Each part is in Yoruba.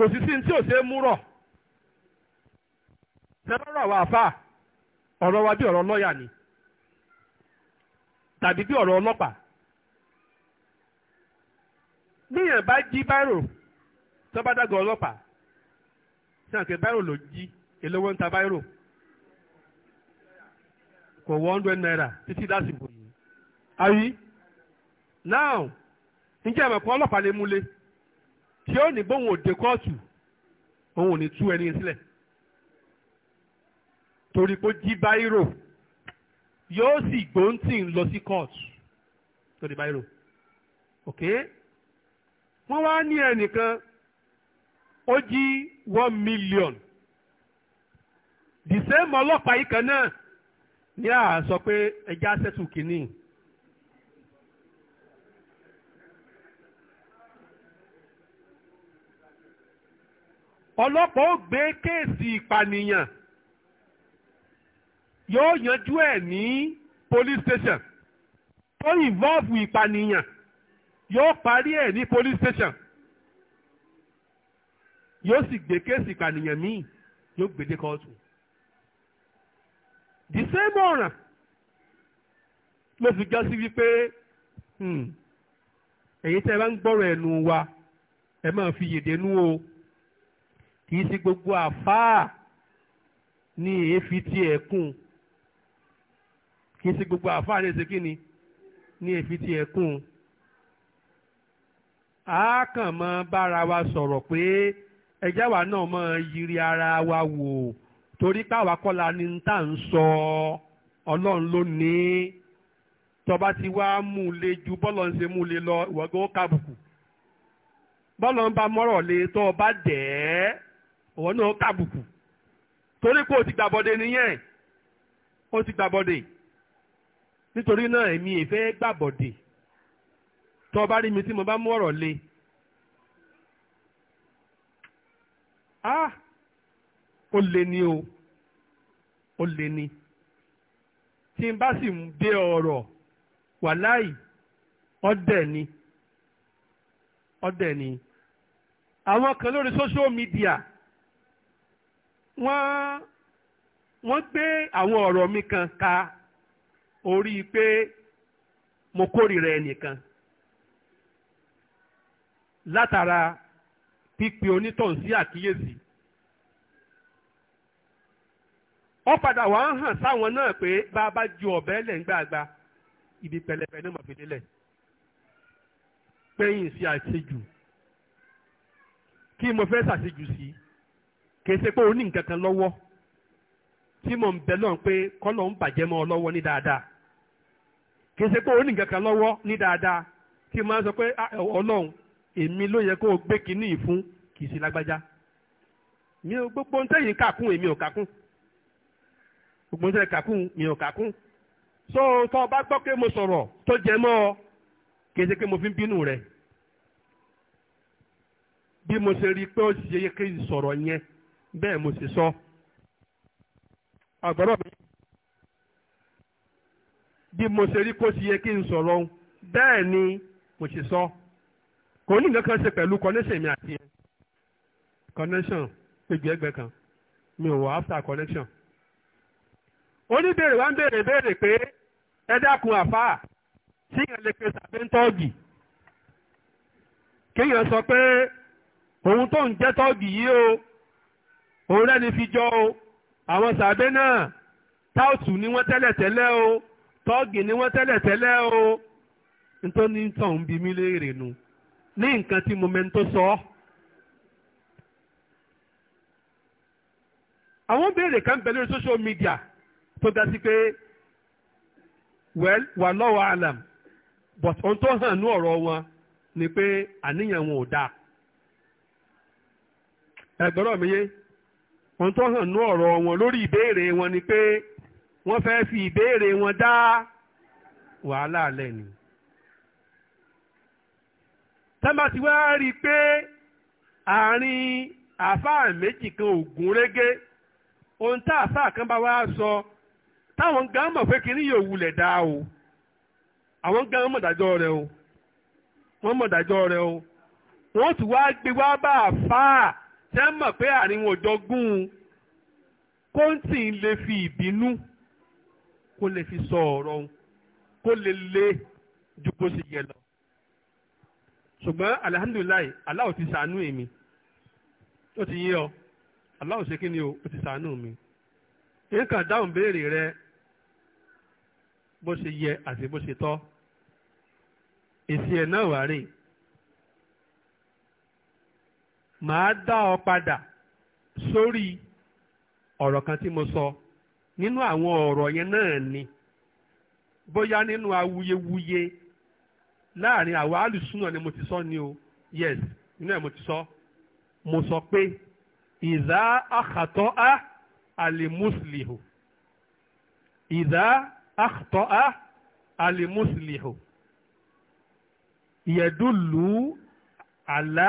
kò sí sí tí ò ṣe é mú wà fà ọ̀rọ̀ wa bí ọ̀rọ̀ lọ́ọ̀yà ni tàbí bí ọ̀rọ̀ ọlọ́pàá níyàn bá jí báírò tó ọlọ́pàá sí àǹkẹ́ báírò ló jí elówó ń ta báírò kò wọ́n naira títí lásìkò yìí. àyí now ǹjẹ́ àmọ̀kọ́ ọlọ́pàá lè tí ó ní bóun ò dé kóòtù òun ò ní tú ẹni sílẹ̀ torí pé ó jí báírò yóò sì gbóǹtì ń lọ sí kóòtù lórí báírò ok wọ́n wá ní ẹnìkan ó jí one million the same ọlọ́pàá yìí kan náà ní àá sọ pé ẹja ṣẹ́tù kìíní. ọlọ́pàá ó gbé kéèsì ìpànìyàn yóò yanjú ẹ̀ ní police station tó involve ìpànìyàn yóò parí ẹ̀ ní police station yóò sì gbé kéèsì ìpànìyàn míì yóò gbèdé kóòtù the same ọ̀ràn ló fi já sí wípé hmm, ẹ̀yin tẹ́ a bá ń gbọ́rọ̀ ẹnu wa ẹ máa fi yèdè nú o kì í sí gbogbo àfáà ní èéfi tiẹ̀ kún kì í sí gbogbo àfáà ní èsì kíni ní èéfi tiẹ̀ kún a kàn mọ bára wa sọ̀rọ̀ pé ẹjá wa náà mọ yiri ara wa wò torí káwa kọ́la ni tá à ń sọ ọlọ́run ló tọba ti wá mú un lé ju bọ́lọ̀ ń ṣe mú un lé lọ ìwọ́gbọ́n kábùkù bọ́lọ̀ ń bá mọ́rọ̀ lé tọ́ ọ bá dẹ̀ ẹ́ òwò náà tàbùkù torí pé o ti gbàbọ̀dé nìyẹn o ti gbàbọ̀dé nítorí náà èmi ẹ fẹ́ gbàbọ̀dé tó o bá rí mi tí mo bá mú ọ̀rọ̀ le ah ó le ni o ó le ni tí n bá sì ń dé ọ̀rọ̀ wàláì ọ̀dẹ̀ ni ọ̀dẹ̀ ni àwọn kan lórí social media wọ́n wọ́n gbé àwọn ọ̀rọ̀ mi kan ka orí pé mo kórìíra ẹnìkan látara pípe onítọ̀hún sí àkíyèsí ó padà wá ń hàn sáwọn náà pé bá a bá ju ọ̀bẹ lẹ̀ ibi pẹlẹbẹ ní mọ̀fìdílẹ̀ pẹ́yìn sí àṣejù kí mo fẹ́ ṣàṣejù sí i kì í ṣe pé o ní nǹkan kan lọ́wọ́ tí mò ń bẹ lọ́n pé kọ́lọ̀ ń bàjẹ́ mọ́ ọ lọ́wọ́ ní dáadáa kì í ṣe pé o ní nǹkan kan lọ́wọ́ ní dáadáa tí mo máa sọ pé ah, ọlọ́run èmi ló yẹ kó o gbé kinní yìí fún kì í ṣe lágbájá mi ò gbogbo ohun tẹ́yìn kàkún èmi ò kàkún gbogbo ohun tẹ́yìn kàkún mi ò kàkún so tó o bá gbọ́ pé mo sọ̀rọ̀ tó jẹ mọ́ ọ kì í ṣe pé mo fi ń bínú rẹ̀ bí mo ṣe rí i pé ó ṣe yẹ kí n sọ̀rọ̀ yẹn bẹ́ẹ̀ mo sì sọ àgbọ̀rọ̀ mi bí mo ṣe rí kó sì yẹ kí n sọ̀rọ̀ bẹ́ẹ̀ ni mo sì sọ kò ní nǹkan kan ṣe pẹ̀lú connection mi àti ẹ̀ connection gbẹgbẹ ẹgbẹ kan mi ò wọ after connection oníbèrè wa ń béèrè béèrè pé ẹ dákun àfáà tí yẹn lè pe sàbẹ́ńtọ́ọ̀gì kéèyàn sọ pé òun tó ń jẹ́ tọ́ọ̀gì yìí o. òun rẹ́ni fi jọ o àwọn sàbẹ́ náà táùtù ni wọn tẹ́lẹ̀ o tọ́ọ̀gì ni wọn tẹ́lẹ̀ o nítorí tọ̀hún bí mi léèrè nu ní nǹkan tí mo tó sọ àwọn béèrè kan bẹ lórí social media tó ga sí pé well wà alam but ohun tó hàn ní ọ̀rọ̀ ni pé àníyàn wọn ò dáa. ẹ̀gbọ́n ohun tó hàn ní ọ̀rọ̀ wọn lórí ìbéèrè wọn ni pé wọ́n fẹ́ fi ìbéèrè wọn dá wàhálà alẹ́ ni. tẹ́mbà ti wá rí i pé àárín àáfàá méjì kan ò gún régé ohun tá àáfàá kan bá wá sọ táwọn gan mọ̀ pé kínní yóò wulẹ̀ dá o àwọn gan mọ̀ dájọ́ rẹ o wọ́n mọ̀ dájọ́ rẹ o wọ́n tún wá gbé wá bá àáfàá tẹ́ mọ̀ pé àárín wọn jọ gún un kóńtì lè fi ìbínú kó lè fi sọ ọ̀rọ̀ òun kó lè lé ju bó ṣe yẹ lọ. ṣùgbọ́n alihamudulilayi aláwọ̀ ti sànú èmi ó ti yé ọ aláwọ̀ ṣe kí ni ó ti sànú mi. nǹkan dáhùn béèrè rẹ bó ṣe yẹ àti bó ṣe tọ́ èsì ẹ̀ náà wà rèé màá dá ọ padà sórí ọ̀rọ̀ kan tí mo sọ nínú àwọn ọ̀rọ̀ yẹn náà ni bóyá nínú awuyewuye láàrin àwa alùsùnà ni mo ti sọ ni o yes nínú ẹ̀ mo ti sọ mo sọ pé ìdá àkàtọ́ á àlèmúsìlìhù ìdá àkàtọ́ á àlèmúsìlìhù yẹ̀dùlù àlá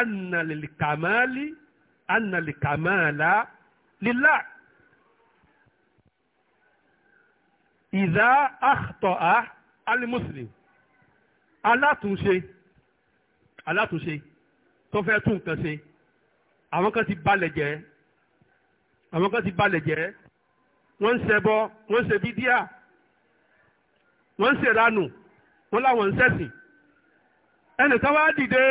anna lilikamali anna likamala lillah ìdá àtọ̀á alimuslim alátúnṣe alátúnṣe tó fẹ́ tún nǹkan ṣe àwọn kan ti balẹ̀ jẹ́ àwọn kan ti balẹ̀ jẹ́ wọ́n ń ṣẹbọ wọ́n ń ṣe bídíà wọ́n ń ṣèranù wọ́n láwọn ń ṣẹ̀sìn ẹnìkan wá dìde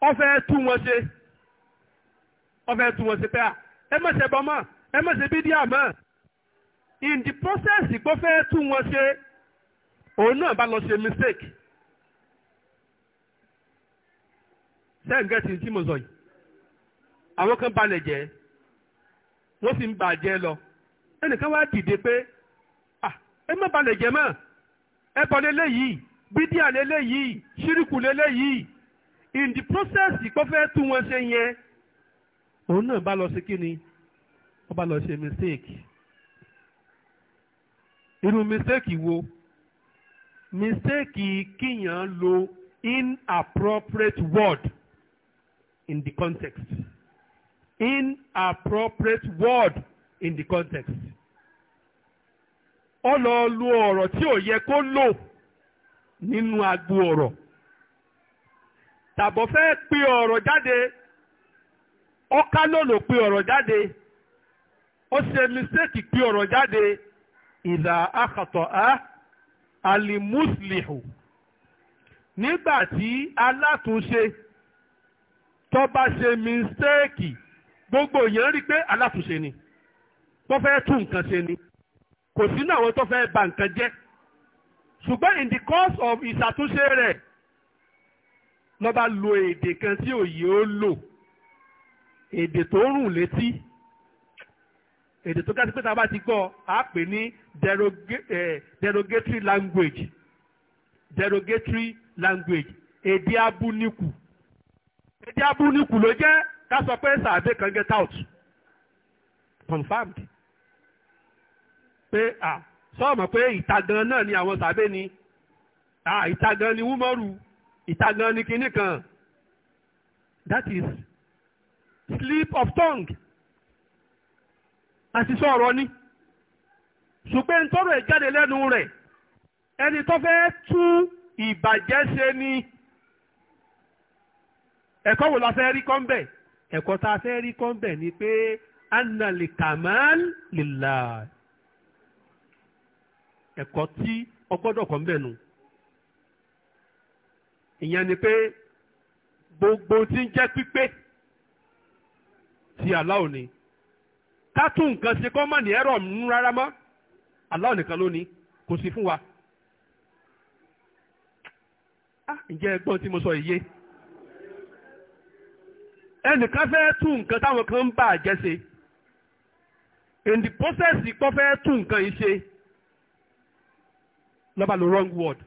ọfẹ́ tú wọn ṣe ọfẹ́ tú wọn ṣe pé à ẹ má ṣe bọ́ mọ́ ẹ má ṣe bídíà mọ́ in the process kó fẹ́ tú wọn ṣe òun náà bá lọ ṣe mistake sẹ́ǹgẹ́tì tí mo sọ yìí àwọn kan balẹ̀ jẹ́ wọ́n sì ń bàjẹ́ lọ ẹnìkan wá dìde pé ẹ má balẹ̀ jẹ́ mọ́ ẹ bọ̀ lélẹ́yìí bídíà lélẹ́yìí ṣíríkù lélẹ́yìí in the process ìkọ́fẹ́ tún wọn ṣe yẹn òun náà bá lọ ṣe kí ni ó bá lọ ṣe mistake irú mistake wo mistake kíyàn lo inappropriate word in the context inappropriate word in the context ó lọ lo ọ̀rọ̀ tí ò yẹ kó lò nínú agbo ọ̀rọ̀ tàbọ̀ fẹ́ pe ọ̀rọ̀ jáde ọká lòlò pe ọ̀rọ̀ jáde ó ṣe mistake pe ọ̀rọ̀ jáde ìlà àkàtọ̀ á alimuslihu nígbà tí alátúnṣe tó bá ṣe mistake gbogbo èèyàn rí pé alátúnṣe ni tó fẹ́ tún nǹkan ṣe ni kò sínú àwọn tó fẹ́ ba nǹkan jẹ́ ṣùgbọ́n in the course of ìṣàtúnṣe rẹ̀ ló bá lo èdè kan tí òye ó lò èdè tó rùn létí èdè tó kásí pé tá a bá ti gbọ́ a pè ní derogatory language derogatory language èdè abúnikù èdè abúnikù ló jẹ́ ká sọ pé sàbẹ̀ kan get out confirmed pé à sọ́ọ̀mọ̀ pé ìtagan náà ni àwọn sàbẹ̀ ni ìtagan ni wúmọ́rù ìtàlọ́ ní kinní kan that is slip of tongue àti sọ̀rọ̀ ni ṣùgbọ́n tọ́rọ̀ ẹ̀ jáde lẹ́nu rẹ̀ ẹni tó fẹ́ tú ìbàjẹ́ ṣe ni ẹ̀kọ́ wo la fẹ́ rí kọ́ńbẹ̀ ẹ̀kọ́ tá a fẹ́ rí kọ́ńbẹ̀ ni pé anali kamal lila ẹ̀kọ́ tí ọgbọ́dọ̀ kọ́ńbẹ̀ nù. No ìyẹn ni pé gbogbo tí ń jẹ́ pípé ti aláwo ni ká tún nǹkan ṣe kọ́ mọ̀ ní ẹ̀rọ mú rárá mọ́ aláwo nìkan ló ní kò sí fún wa. Ah, ǹjẹ́ ẹgbọ́n tí mo sọ yìí yé ẹnìkan fẹ́ tún nǹkan táwọn kan ń bà jẹ́ ṣe in the process fẹ́ tún nǹkan yìí ṣe lọ́ba lo wrong word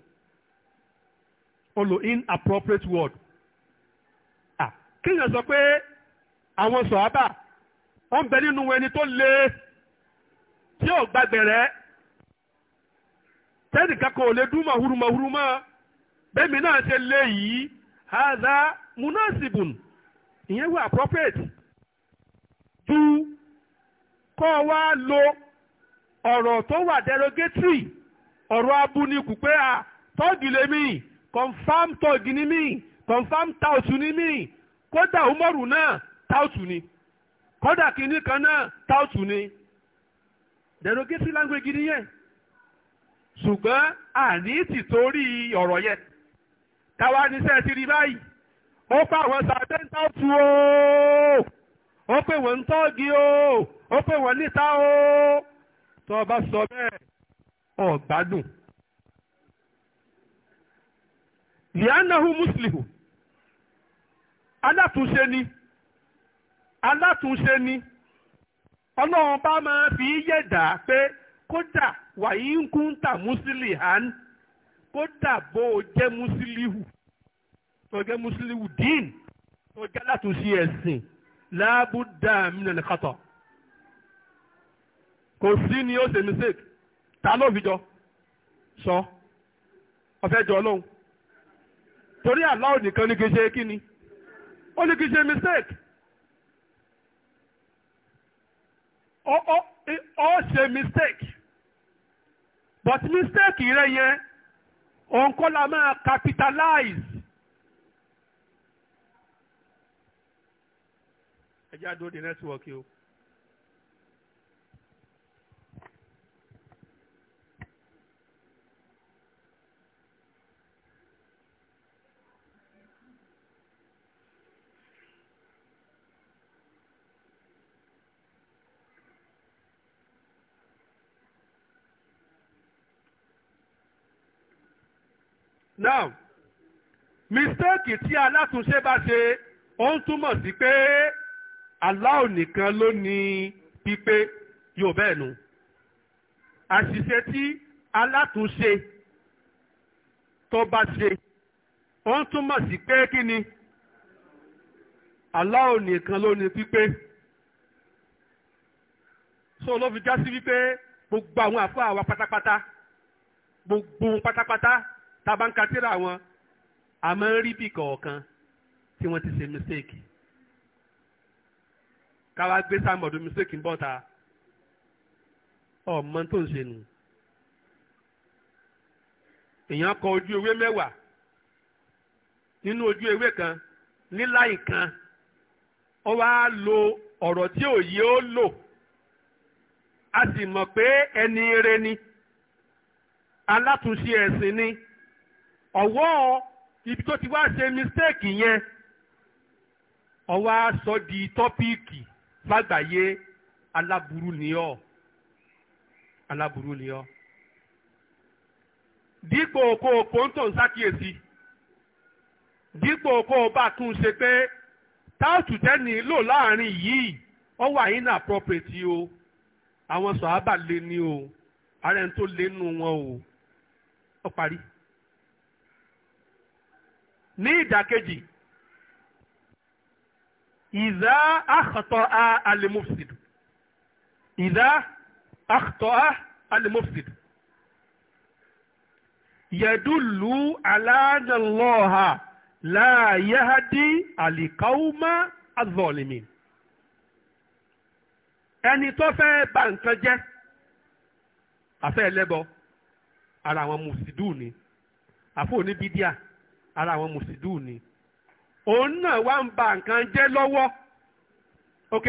ó lo inappropriate word kíyàn sọ pé àwọn sọ̀hábà wọ́n bẹ nínú ẹni tó le tí ò gbàgbẹ̀rẹ́ tẹ́nìkan kò lè dún màhúrúmàhúrú mọ́ bẹ́ẹ̀mi náà ṣe lé yìí haza munasibun ìyẹn wà appropriate ju kọ́ wa lo ọ̀rọ̀ tó wà derogatory ọ̀rọ̀ abúnikù pé a tọ́jú lèmi confam tọ́ọ̀gì ni mí confam táùtù ni mí kódà umaru náà táùtù ni kódà kìíní kan náà táùtù ni derogatory language ni yẹn ṣùgbọ́n àní ti torí ọ̀rọ̀ yẹn táwa níṣẹ́ ti rí báyìí ó pa àwọn sàdé táùtù o ó pè wọ́n ń tọ́ọ̀gì o ó pè wọ́n níta o tó sọ bẹ́ẹ̀ ọ̀gbádùn. Oh, lianahu muslihu alátúnṣe ni alátúnṣe ni ọlọ́run bá máa fi yẹ̀dá pé kódà wàyí ń kún tà mùsùlì hàn kódà bó o jẹ́ mùsùlìhù tó jẹ́ mùsùlìhù dín tó jẹ́ alátúnṣe ẹ̀sìn láàbùdà mìíràn nìkàtọ̀ kò sí ni ó ṣe mistake ta ló fi jọ sọ ọfẹ jọ ọlọ́run torí Allah nìkan ní kí n ṣe kí ni ó ní kí n ṣe mistake ó ṣe mistake but mistake rẹ yẹn òun kọ́ la máa capitalize. ẹ jẹ́ àdó di nẹ́tíwọ̀kì o. now mistake tí alátúnṣe bá ṣe ó ń túmọ̀ sí pé Allah nìkan ló ní pípé yóò bẹ́ẹ̀ nu àṣìṣe tí alátúnṣe tó bá ṣe ó ń túmọ̀ sí pé kí ni Allah nìkan ló ní pípé so ló fi já sí wípé gbogbo àwọn àfọ àwa pátápátá gbogbo pátápátá tábà ń ka tírà wọn a máa ń rí bí kọ̀ọ̀kan tí wọ́n ti ṣe mistake káwa gbé sáàmọ̀dù mistake ń bọ̀ ta ọmọ tó ń ṣe nù èèyàn kọ ojú ewé mẹ́wàá nínú ojú ewé kan ní láì kan ó wá lo ọ̀rọ̀ tí òye ó lò a sì mọ̀ pé ẹni ire ni alátúnṣe ẹ̀sìn ni ọwọ́ ibi tó ti wá ṣe mistake yẹn ọwọ́ á sọ di tọ́píìkì fàgbáyé aláburú ni ọ́ aláburú ni ọ́ dípò kó o kó ń tò ń ṣàkíyèsí dípò kó o bá tún ṣe pé táàtù tẹ́ni lò láàrin yìí ó wà inappropriate o àwọn sọ̀hábà lé ní o ara ẹni tó lé nù wọn o ó parí ní ìdàkejì ìdá àkàtọ̀ a alimufsid ìdá àkàtọ̀ a alimufsid yẹ̀dúlù aláàdánlọ́ha láàyéhádí àlìkáwùmá azọ́ọ̀lìmí ẹni tó fẹ́ bà nǹkan jẹ́ àfẹ́ ẹlẹ́bọ ara àwọn mùsùlùmí àfọ oníbídíà ara àwọn mùsùlùmí ni òun náà wá ń ba nǹkan jẹ́ lọ́wọ́ ok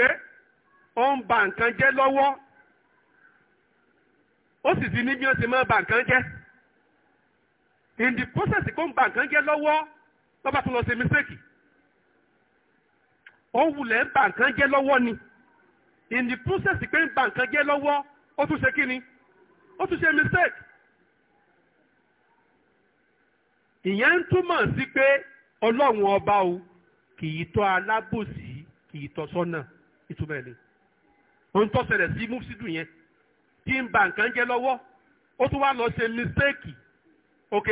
ó ń ba nǹkan jẹ́ lọ́wọ́ ó sì ti ní bí ó ti máa ba nǹkan jẹ́ in the process kó ń ba nǹkan jẹ́ lọ́wọ́ tó lọ ṣe mistake ó wulẹ̀ ń ba nǹkan jẹ́ lọ́wọ́ ni in the process pé ń ba nǹkan jẹ́ lọ́wọ́ ó tún ṣe kí ni ó tún ṣe mistake ìyẹn ń túmọ̀ sí pé ọlọ́run ọba o kì í tọ́ alábòsí kì í tọ́ sọ́nà ìtumọ̀ ẹ̀ ni ohun tó ṣẹlẹ̀ sí mufsidu yẹn tí ń ba nǹkan jẹ́ lọ́wọ́ ó tún wá lọ ṣe mistake ok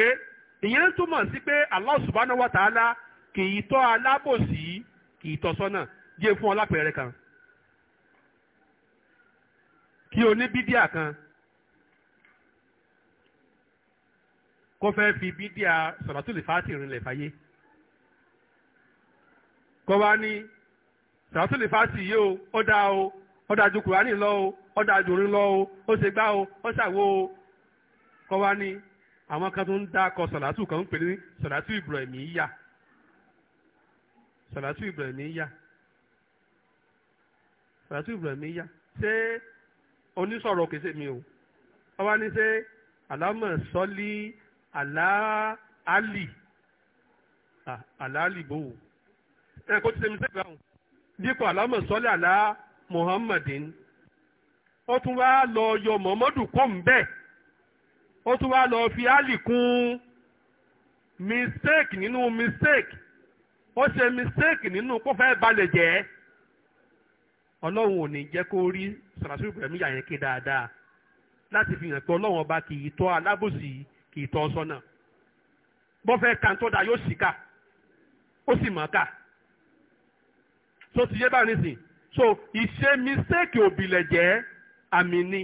ìyẹn ń túmọ̀ sí pé Allah subhanahu wa ta'ala kì í tọ́ alábòsí kì í tọ́ sọ́nà jẹ́ fún ọ kan kí oníbídíà kan kó fẹ́ fi bídíà sàlátùlì fàátì rinlẹ̀ fàyè kó wá ní sàlátùlì fàátì yìí o ó dáa o ó dáa ju kùránì lọ o ó dáa ju orin lọ o ó ṣe gbá o ó ṣàwo o kó wá ní àwọn kan tó ń dá akọ kan ń pè ní sàlátù Ibrahimiyya sàlátù Ibrahimiyya sàlátù Ibrahimiyya ṣé onísọ̀rọ̀ kìí ṣe mi o ó wá ní ṣé àlámọ̀ sọ́lí. àlá àlì àlá ẹ kó ṣe mi sẹ́gbàá o dípò sọ́lẹ̀ àlá Muhammadin ó tún wá lọ yọ Muhammadu kó ń bẹ́ẹ̀ ó tún wá lọ fi ali kún mistake nínú mistake ó ṣe mistake nínú kó balẹ̀ jẹ́ ọlọ́run ò ní jẹ́ kó rí yà yẹn ọba kì í tọ́ ìtọ́sọ́nà bọ́fẹ́ kan tó da yóò sì ká ó sì mọ̀ ká so ti yé bá nísìn so ìṣe mistake òbílẹ̀ jẹ́ àmì ni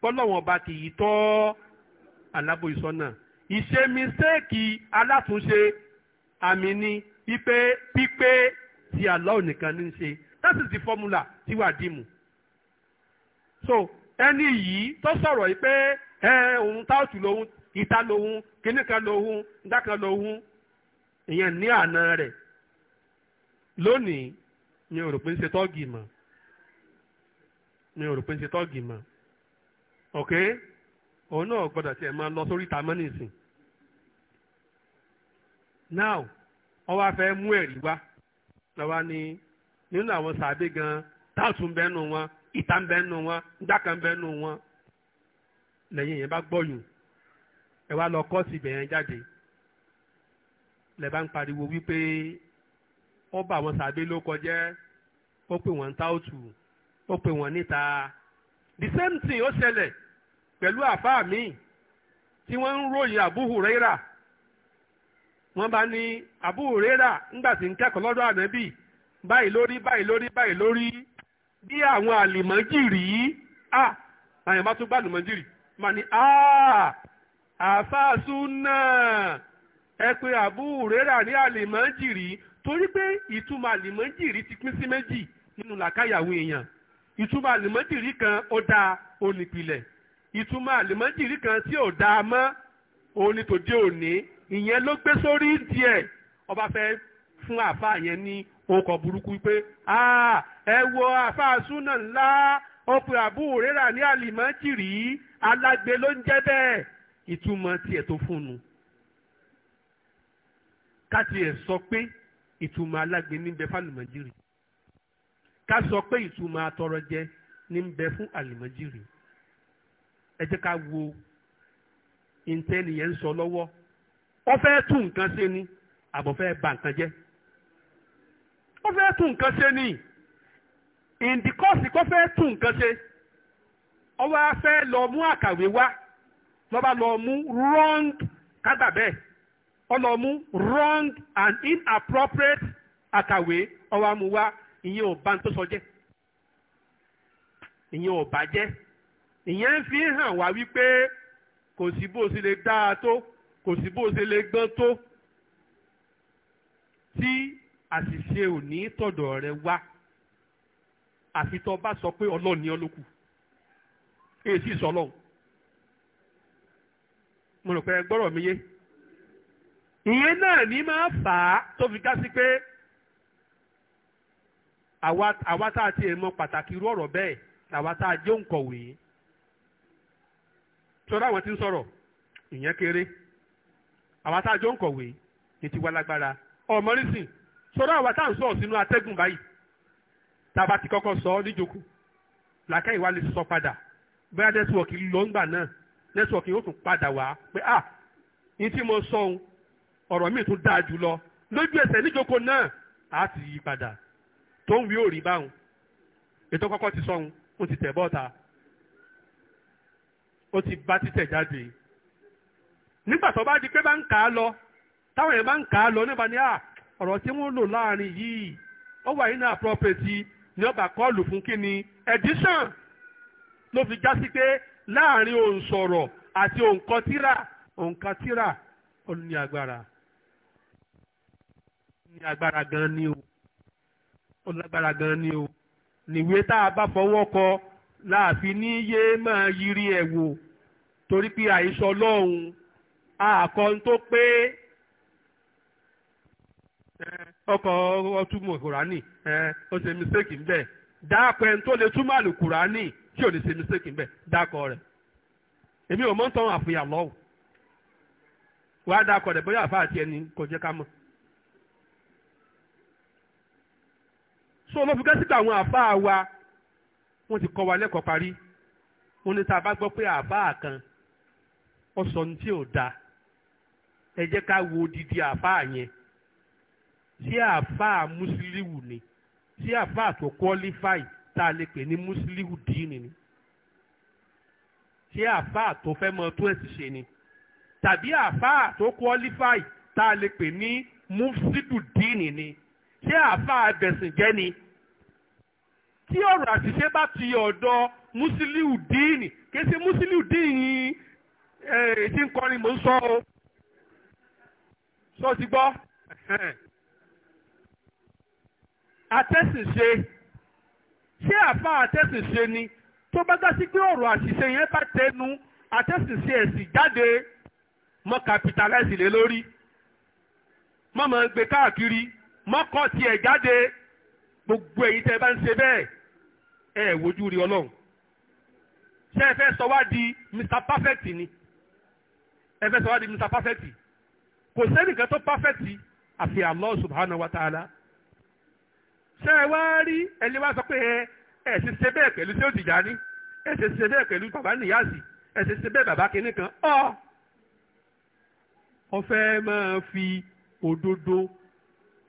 bọ́lọ́wọ́n bá ti yí tọ́ alábòyìsọ́nà ìṣe mistake alátúnṣe àmì ni pípé pípé ti Allah nìkan ní ṣe that is the formula tí wàá dìmú so ẹni yìí tó sọ̀rọ̀ yìí pé ẹ òun táàtù lòun ìta lòun kíní kan lòun ìdá lòun ìyẹn ní àná rẹ̀ lónìí mi ò rò pé ń ṣe tọ́ọ̀gì mọ́ mi ò rò pé ń ṣe tọ́ọ̀gì mọ́ ok òun náà gbọ́dọ̀ tiẹ̀ máa lọ sórí mọ́ nìsín now wọ́n wá mú ẹ̀rí wá lọ́wọ́ ní nínú àwọn sàbẹ̀ gan táàtù ń bẹ́nu wọn ìta ń bẹ́nu wọn ń bẹ́nu wọn lẹ́yìn yẹn bá gbọ́yùn ẹ wá lọ kọ́ọ̀sì ibẹ̀ yẹn jáde lẹ bá pariwo wípé ó bá wọn ló kọjá ó pè wọn ta òtù ó pè wọn níta the same thing ó ṣẹlẹ̀ pẹ̀lú àfáà mi tí wọ́n ń ròyìn Abu Huraira wọn bá ní Abu Huraira ńgbà tí ń kẹ́kọ̀ọ́ báyìí lórí báyìí lórí báyìí lórí bí àwọn rí ah! gbà àfáàsù náà ẹ pé àbú rẹ́rà ní àlèmọ́jìrì torí pé ìtumọ̀ àlèmọ́jìrì ti pín sí méjì nínú làkàyàwó èèyàn ìtumọ̀ àlèmọ́jìrì kan ó dáa ó nípìlẹ̀ ìtumọ̀ àlèmọ́jìrì kan tí ò dáa mọ́ òun ni tòde òní ìyẹn ló gbé sórí díẹ̀ ọba fẹ́ fún àfáà yẹn ní ọkọ̀ burúkú pé ẹ wo àfáà ńlá ó pe ní àlèmọ́jìrì alágbe ló ń jẹ́ bẹ́ẹ̀ ìtumọ̀ tiẹ̀ tó fúnnu káti ẹ̀ sọ pé ìtumọ̀ alágbe ní bẹ fálùmọ́jírì ká sọ pé ìtumọ̀ atọrọjẹ ní bẹ fún àlùmọ́jírì ẹ jẹ́ ká wo ìǹtẹ́nìyẹn ń sọ lọ́wọ́ ó fẹ́ tún nǹkan ṣe ni àbọ̀ fẹ́ bà nǹkan jẹ́ ó fẹ́ tún nǹkan ṣe ni ìǹdíkọ́sì kó fẹ́ tún nǹkan ṣe ó wá lọ mú àkàwé wá lọ́ba lọ mú wrong kágbà bẹ́ẹ̀ wrong and inappropriate àkàwé ọwọ́ amúwá ìyẹn ò bá ń tó sọ jẹ́ ìyẹn ò bá jẹ́ ìyẹn fi hàn wá wípé kò sí bó ṣe lè dáa tó kò sí bó ṣe lè gbọ́n tó tí àṣìṣe ò ní tọ̀dọ̀ rẹ wá àfi tó bá sọ pé ọlọ́ọ̀ni ọlọ́kù èyí sì sọ ọlọ́run mo rò pé gbọ́rọ̀ mi yé ìyẹn náà ní máa fà á tó fi ká sí pé àwa tá a ti mọ pàtàkì irú ọ̀rọ̀ bẹ́ẹ̀ làwa tá a jẹ́ òǹkọ̀wé sọ́dọ̀ àwọn tí ń sọ̀rọ̀ ìyẹn kéré àwa tá a jẹ́ òǹkọ̀wé ní tiwa lágbára ọmọ rísìn àwa tá à ń sọ̀rọ̀ sínú atẹ́gùn báyìí tàbá ti kọ́kọ́ sọ ọ́ níjókòó làkẹ́yìn wa lè sọ padà bóyá nẹ́tíwọ̀kì ló ń gbà náà nẹ́tíwọ̀kì yóò tún padà wá pé ah ní tí mo sọ ohun ọ̀rọ̀ mi tún dáa jù lọ lójú ẹsẹ̀ níjókòó náà á ti yí padà tó ń wí òrí báwọn ètò kọ́kọ́ ti sọ ohun ó ti tẹ̀ bọ́ta ó ti bá títẹ̀ jáde nígbà tó bá di pé bá ń kà á lọ táwọn èèyàn bá ń kà á lọ nípa ni ah ọ̀rọ̀ tí wọ́n lò láàrin yìí ó wà nínú appropriate ni ọba kọ́ọ̀lù fún kí ni edition ló fi já sí pé láàrin sọ̀rọ̀ àti òǹkọtíra òǹkọtíra ó ní agbára ní agbára gan ni o ó lágbára gan ni o níwé tá a bá fọwọ́ kọ láàfin ní yé máa yiri ẹ̀ wò torí pé àìsọ lọ́hùn àkọ́n tó pé ọkọ̀ ọtúmọ̀ kùránì ó ṣe mistake ń bẹ̀ dáàpẹ́ tó lè túmọ̀ àlùkùránì. tí ò ní ṣe mistake ń bẹ̀ dákọ̀ rẹ̀ èmi ò mọ̀ ń tọ́ àfihàn lọ́wọ́ wàá dákọ̀ rẹ̀ bóyá àfa àti ẹni kò jẹ́ ká mọ̀. so ọmọ fi kẹ́sìkà àwọn àfa wa wọ́n ti kọ́ wa lẹ́kọ̀ọ́ parí wọ́n ní tá a bá gbọ́ pé àfa kan ó sọ ní tí ò dáa ẹ jẹ́ ká wo odidi àfa yẹn tí àfa mùsùlùmí ni tí àfa tó qualify tá a lè pè ní muslihu díìnì ni ṣé àfáà tó fẹ́ mọ tó ẹ̀sìn ṣe ni tàbí àfáà tó kọ́lífàì tá a lè pè ní mufsidu díìnì ni ṣé àfáà ẹ̀bẹ̀sìn jẹ́ ni tí ọ̀rọ̀ àṣìṣe bá ti ọ̀dọ̀ muslihu díìnì kìí ṣe muslihu díìnì tí ń kọrin mò ń sọ o sọ ti gbọ́ àtẹ̀sìn ṣe ṣé àfa àtẹ̀sìnṣe ni tó bá dásí pé ọ̀rọ̀ àṣìṣe yẹn bá tẹnu àtẹ̀sìnṣe ẹ̀sìn jáde mọ́ capitalize lé lórí mọ́ mọ́ gbé káàkiri mọ́ kọ́ tiẹ̀ jáde gbogbo èyí tẹ́ bá ń ṣe bẹ́ẹ̀ ẹ wojú rí ọlọ́run ṣé ẹ fẹ́ sọ wá di Mr Perfect ni ẹ fẹ́ sọ wá di Mr Perfect kò sẹ́nìkan tó perfect àfi Allah subhanahu wa ta'ala ṣé ẹ wá rí ẹni wá sọ pé ẹ ẹ ṣe ṣe bẹ́ẹ̀ pẹ̀lú ṣé ó ti já ní ẹ ṣe ṣe bẹ́ẹ̀ pẹ̀lú bàbá nìyáàsì ẹ ṣe ṣe bẹ́ẹ̀ bàbá kinní kan ọ. ọfẹ máa fi òdodo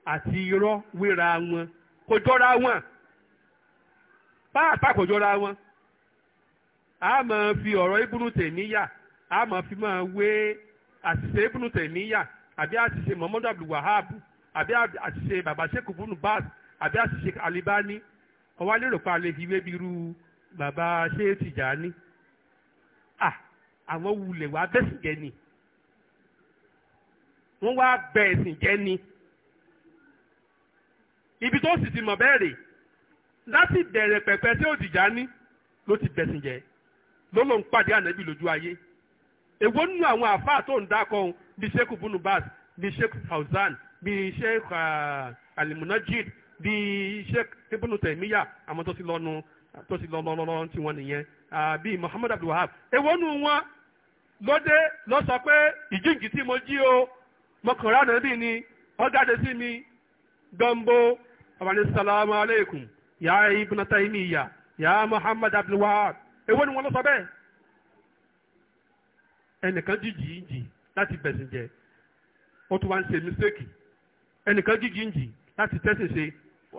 àti irọ́ wéra wọn kò jọra wọn bá àtàkò jọra wọn a máa fi ọ̀rọ̀ ibùnú tèmíyà a máa fi máa wé àṣìṣe ibùnú tèmíyà àbí àṣìṣe muhammadu abdulwahab àbí àṣìṣe baba sheikh ibùnú baz àbí àṣìṣe alibani, ọwá lérò pa lè fi wébi irú bàbá ṣé Tìjàní à àwọn wulẹ̀ wá bẹ́sìn jẹ́ ni wọ́n wá bẹ̀ẹ̀sìn jẹ́ ni ibi tó sì ti mọ̀ bẹ́ẹ̀ rè láti bẹ̀rẹ̀ pẹ̀pẹ́ tí ó Tìjàní ló ti bẹ̀sìn jẹ́ ló ló ń pàdé ànábì lójú ayé èwo nínú àwọn àfáà tó ń dákọ̀ ohun bíi sheikh bunubas bíi sheikh fauzan bíi sheikh ah, alimunajid bíi sheikh tebulu tẹ̀míyà àwọn tó ti lọ́nu tó ti lọ́lọ́lọ́ nìyẹn abdul wahab ewonu wọn lóde lọ sọ pé ìjíǹkì tí mo jí o mọkànlá ni wọ́n sí mi gbọ́nbó abàní salamu aleykum ya ibn taymiya ya muhammad abdul wahab ewonu wọn lọ sọ bẹ́ẹ̀ ẹnìkan jíjì ń jì láti bẹ̀sìn jẹ ó tún wá ń ṣe mistake ẹnìkan jíjì jì láti ṣe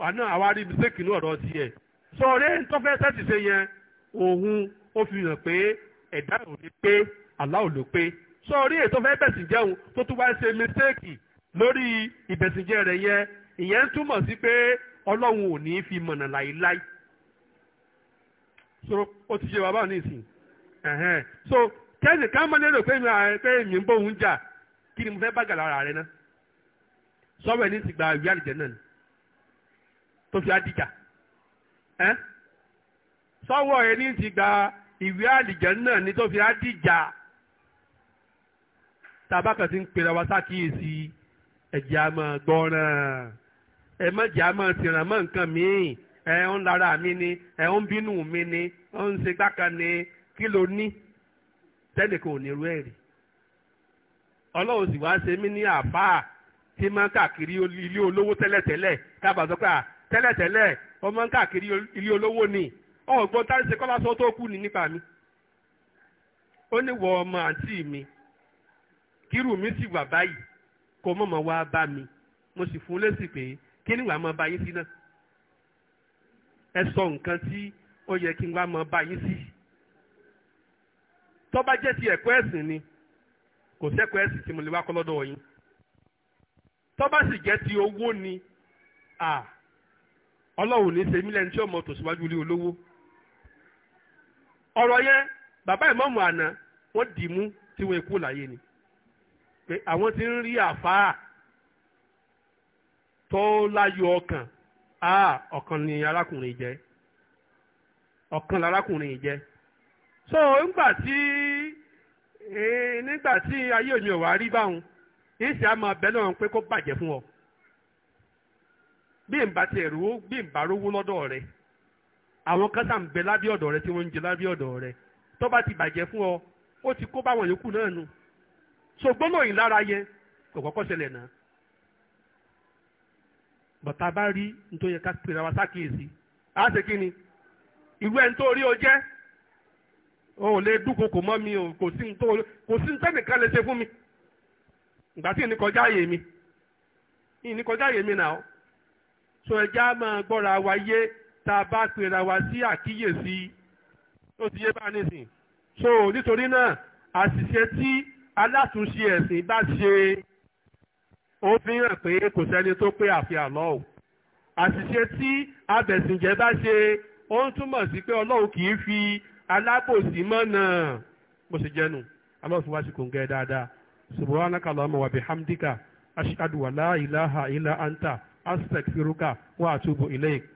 àná àwa rí mistake ní ọ̀rọ̀ yẹ sọ ọ̀rẹ́ tó fẹ́ sẹ́tì ṣe yẹn òun ó fi hàn pé ẹ̀dá ò pé àlá pé sọ ọ̀rẹ́ ètò fẹ́ bẹ̀sìn tó tún wá ṣe mistake lórí ìbẹ̀sìnjẹ rẹ̀ yẹn ìyẹn ń túmọ̀ sí pé ọlọ́run ò ní fi mọ̀nà so ó ti ṣe bàbá so ká mọ́ lérò pé mi ń bóun jà kí ni mo fẹ́ bá náà tó fi adìjà ẹ́ sọ́wọ́ ẹni tí gba ìwé àdìjà náà ní tó fi adìjà tàbákan ti ń pèrè wá sákìyèsí ẹ̀jẹ̀ àmọ́ gbọ́ràn ẹ mọ̀jẹ̀ àmọ́ tìràn mọ́ nǹkan míì ẹ̀ ń lára mi ni ẹ̀ ń bínú mi ni ó ń ṣe gbákan ni kí ló ní tẹ́nìkan ò ní irú ẹ̀ ọlọ́run sì wá ṣe mí ní àfáà tí máa ń káàkiri ilé olówó tẹ́lẹ̀tẹ́lẹ̀ dábàá tẹ́lẹ̀tẹ́lẹ̀ ọmọ ń káàkiri ilé olówó ni ọ̀gbọ́n táyì ṣe tó kù ní nípa mi ó ní wọ ọmọ àǹtí mi kírù mi sì wà báyìí kó mọ̀mọ́ wá bá mi mo sì fún lésì pé kí ni wàá mọ bá yín sí náà ẹ sọ nǹkan tí ó yẹ kí n wá mọ bá yín sí tó bá jẹ́ ti ẹ̀kọ́ ẹ̀sìn ni kò sẹ́kọ̀ọ́ ẹ̀sìn tí mo lè wá kọ́ lọ́dọ̀ yín tó sì jẹ́ ti owó ni Ah ọlọ́run ní ṣe mílẹ̀ tí ọmọ tòṣíwájú ilé olówó ọ̀rọ̀ yẹn bàbá ìmọ̀mù àná wọ́n dì mú tí wọ́n kú láyé ni pé àwọn ti ń rí àfáà tó láyọ̀ ọkàn á ọ̀kan ni arákùnrin jẹ́ ọ̀kan lárákùnrin jẹ́ so nígbà tí eh, nígbà tí ayé òní ọ̀wá rí báwọn ní ìsì àmọ́ abẹ́ náà pé kó bàjẹ́ fún ọ. bí n bá tiẹ̀ rówó bí n bá rówó lọ́dọ̀ rẹ àwọn kan ń bẹ lábẹ́ ọ̀dọ̀ tí wọ́n ń jẹ ti bàjẹ́ fún ọ ó ti kó báwọn yòókù náà so gbọ́nà lara yẹ ká pèrè àwọn sákìyèsí á ṣe kí ni ìwé ẹni tó rí o jẹ́ o ò lè mọ́ mi o kò sí kò sí lè ṣe fún mi ìgbà tí so ẹja máa gbọ́ra wa yé tá a bá pera wa sí àkíyèsí ó ti yé bá nísìn so nítorí náà àṣìṣe tí alátúnṣe ẹ̀sìn bá ṣe ó fi hàn pé kò sẹ́ni tó pé àfi àlọ́ o àṣìṣe tí abẹ̀sìnjẹ́ bá ṣe ó ń túmọ̀ sí pé ọlọ́run kì í fi alábòsí mọ́nà bó ṣe jẹ́nu Allah fi wá sí kòǹgẹ́ dáadáa subhanaka Allahumma wa bihamdika ashhadu an la ilaha ila anta astaghfiruka wa atubu ilayk